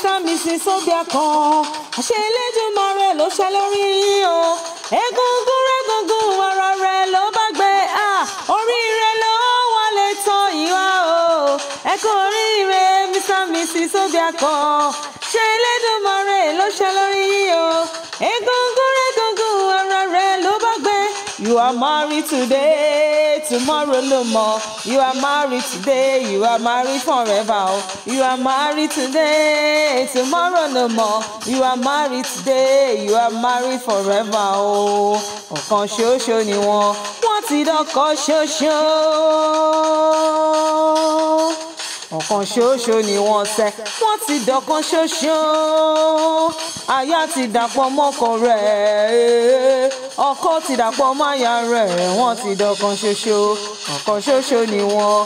mr mrs Obiakan àṣẹ Elédùmarè ló ṣe lórí yín o egungun rẹ́gungun ọ̀rọ̀ rẹ̀ ló bá gbé oríire ló wọ́n lè tọ́ ìwá o ẹ kú oríire mr mrs Obiakan àṣẹ Elédùmarè ló ṣe lórí yín o. You are married today, tomorrow no more. You are married today, you are married forever. You are married today, tomorrow no more. You are married today, you are married forever. Oh. Ọ̀kan ṣoṣo ni wọ́n, wọ́n ti dọ́kọ̀ ṣoṣo. Ọ̀kan ṣoṣo ni wọ́n ṣe, wọ́n ti dọ̀kan ṣoṣo. Aya ti dàpọ̀ mọ́kọ rẹ̀ ọkọ ti dàpọ̀ máyà rẹ̀ wọ́n ti dọ̀kan ṣoṣo ọ̀kan ṣoṣo ni wọ́n